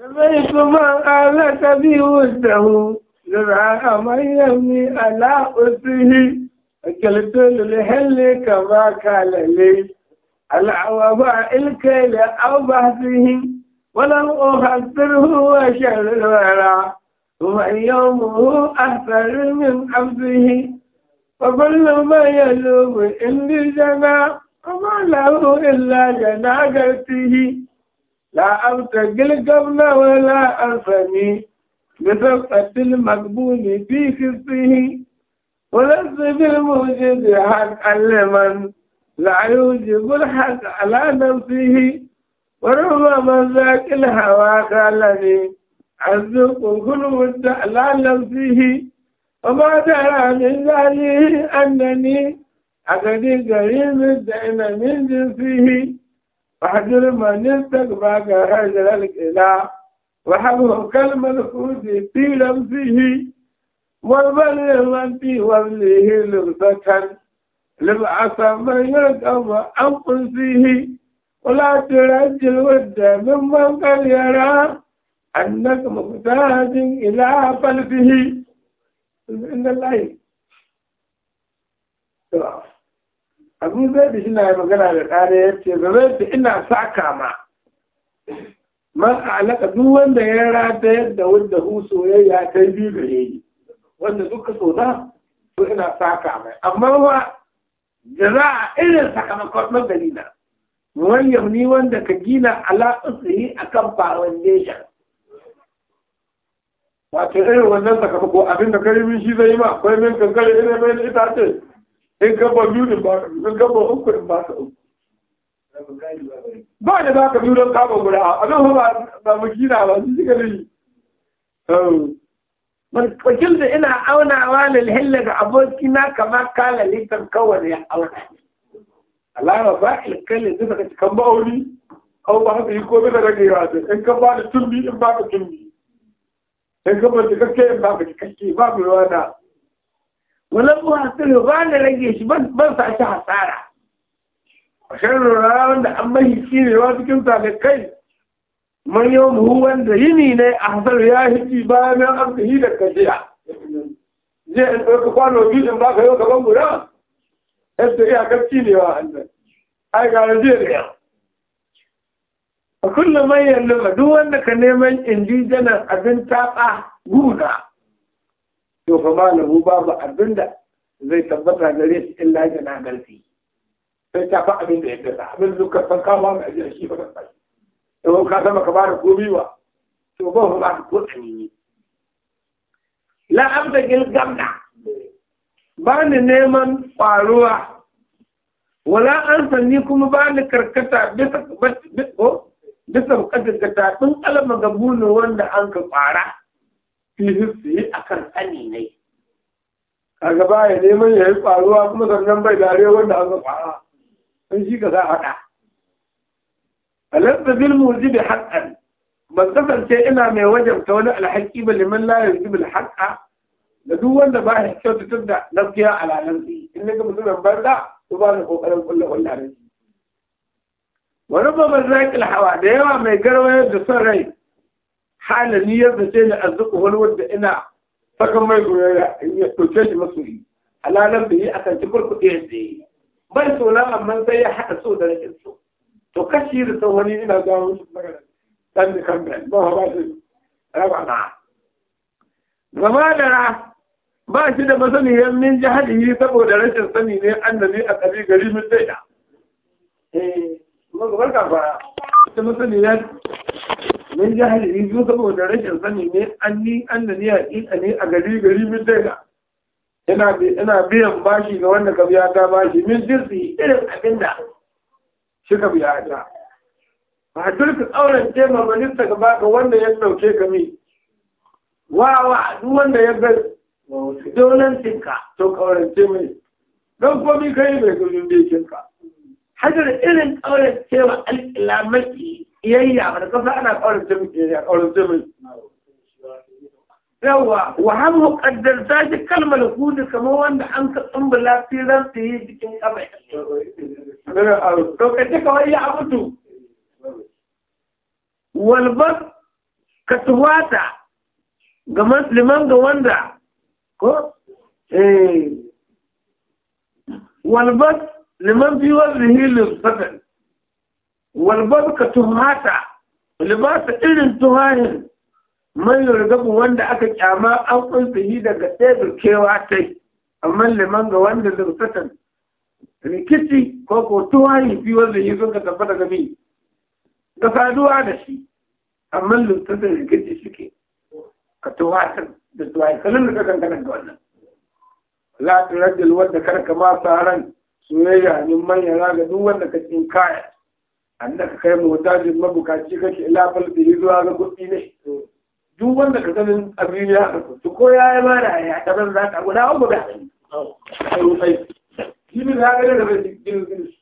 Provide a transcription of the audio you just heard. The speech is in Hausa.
لبيك ما قالت بي وده زرع من يمي على أسره أكلت للحل كما قال لي العوضاء الكيل أو بحثه ولم أخسره وشر الورى ومن يومه أحسن من عبده وكل ما يلوم إن جنا وما له إلا جنا لا أنت القبل ولا أنفني بسبقة المقبول في كسه ولست بالموجد حق لمن لا يوجب الحق على نفسه وربما ذاك الهوى خالني عزق كل مدة على نفسه وما ترى من ذلك أنني أقدر قريب الدين من جنسه ما من استكباك هجر الإله وحبه كالملكوت في لمسه والبلغ من في وبله لغة لبعث من يركب عن ولا ترج الود ممن قد يرى أنك محتاج إلى قلبه إن الله abin zai da shi na yi magana da ƙara ya ce zama da ina sa kama man alaka duk wanda ya rata yadda wanda hu soyayya ta yi biyu da yayi wanda duka so na to ina sa kama amma wa a irin sakamakon magani na wani ni wanda ka gina a kan akan nesha wato irin wannan sakamako abin da karimin shi zai ma akwai min kankare irin mai ce in gaba biyu ne ba in gaba uku in ba ka uku ba da za ka biyu don kama guda a nan ba ba mu gina ba su ji gari man kwakil da ina aunawa na lihilla ga aboki na kama kala litan kawai ya auna alama ba ilkalli da daga cikin ma'auni au ba haka yi komai daga gaiwa da in ka ba da tumbi in ba ka tumbi in ka ba da kakke in ba ka kakke ba mu yana wala ko hasilu ba da rage shi ban sa shi hasara a shirin ranar wanda an mahi shi ne wa cikin kai man yau muhu wanda yini ne a hasaru ya hiji bayan yan arziki da kashiya zai in ɗauka kwano biyu in baka yau gaban guda yadda iya gaci ne wa hannun ai gara zai da yau a kullum manyan yallama duk wanda ka neman indijanar abin taɓa guna to fa malahu babu abinda zai tabbata gare shi illa na garfi sai ta fa abinda ya dasa abin zuka san kama mai ajiyar shi ba kasa to ka zama ka bada komi wa to ba fa bada ko tsanini la abda gil gamda ba ni neman faruwa wala an sanni kuma ba ni karkata bisa bisa bisa kadin ka tun alama ga bunin wanda an ka fara fi hissi akan sani ne kaga baya neman ya yi ƙwaruwa, kuma sannan bai dare wanda aka kwara sun shi ka sa faɗa alasta bil mujibi haqqan ban kasance ina mai ta wani alhaki ba liman la yujibu alhaqa da duk wanda ba ya kyautata da gaskiya a ranar shi in ga mutumin banza su ba ni ƙoƙarin kulle kullarin shi wani babban zaƙil hawa da yawa mai garwayar da son rai kana ni yadda ce ni arzuku wani wanda ina sakan mai in ya ɗauke shi masoyi alalan da yi a kan cikin kuɗi ya tsaye bai so na amma sai ya haɗa so da rashin so to kashi da sau wani ina gawo wani magana dan da kan bai ba ba shi raba na gama da ba shi da masaniyar min jihadi saboda rashin sani ne annabi a ƙabi gari mun daida eh kuma ga barka ba ita masaniyar min jahili su saboda rashin sani ne an ni an da ni hakika ne a gari gari min daga ina biyan bashi ga wanda ka biya ta bashi min jirsi irin abin da shi ka biya ta ba dukkan tsauran ce ma minista ka baka wanda ya dauke ka mi wa wa duk wanda ya ga dolantin ka to kaurance mai don komi kai mai gudun bekin ka hajar irin kaurance ma al'ilamaki iyayya mana kasa ana ƙaurace mu iyayya ƙaurace mu yawa wa han muqaddar ta ji kalmar kudi kamar wanda an ka tsumbula firan ta yi jikin kamar to kawai ya abutu walbar ka tuwata ga musulman ga wanda ko eh walbar liman biyu wanda hilin fata walbabka tuhata libasa irin tuhahin man yurgabu wanda aka kyama an yi daga tebur kewa tai amma liman ga wanda zurfatan rikici ko ko tuhahi fi wanda yi sun ka tafi daga mi ga saduwa da shi amma zurfatan rikici suke ka tuhatar da tuhahi kalin da ka kankana ga wannan la turajjal wanda karka ma sa ran soyayya ne manyan ga duk wanda ka cin kaya annaka kai mutajin mabukaci kake ila falsihi zuwa ga kuɗi ne duk wanda ka sanin abin ya haka su ko ya yi mara ya tabar za ka guda abu da shi ne za ka yi da bai jirgin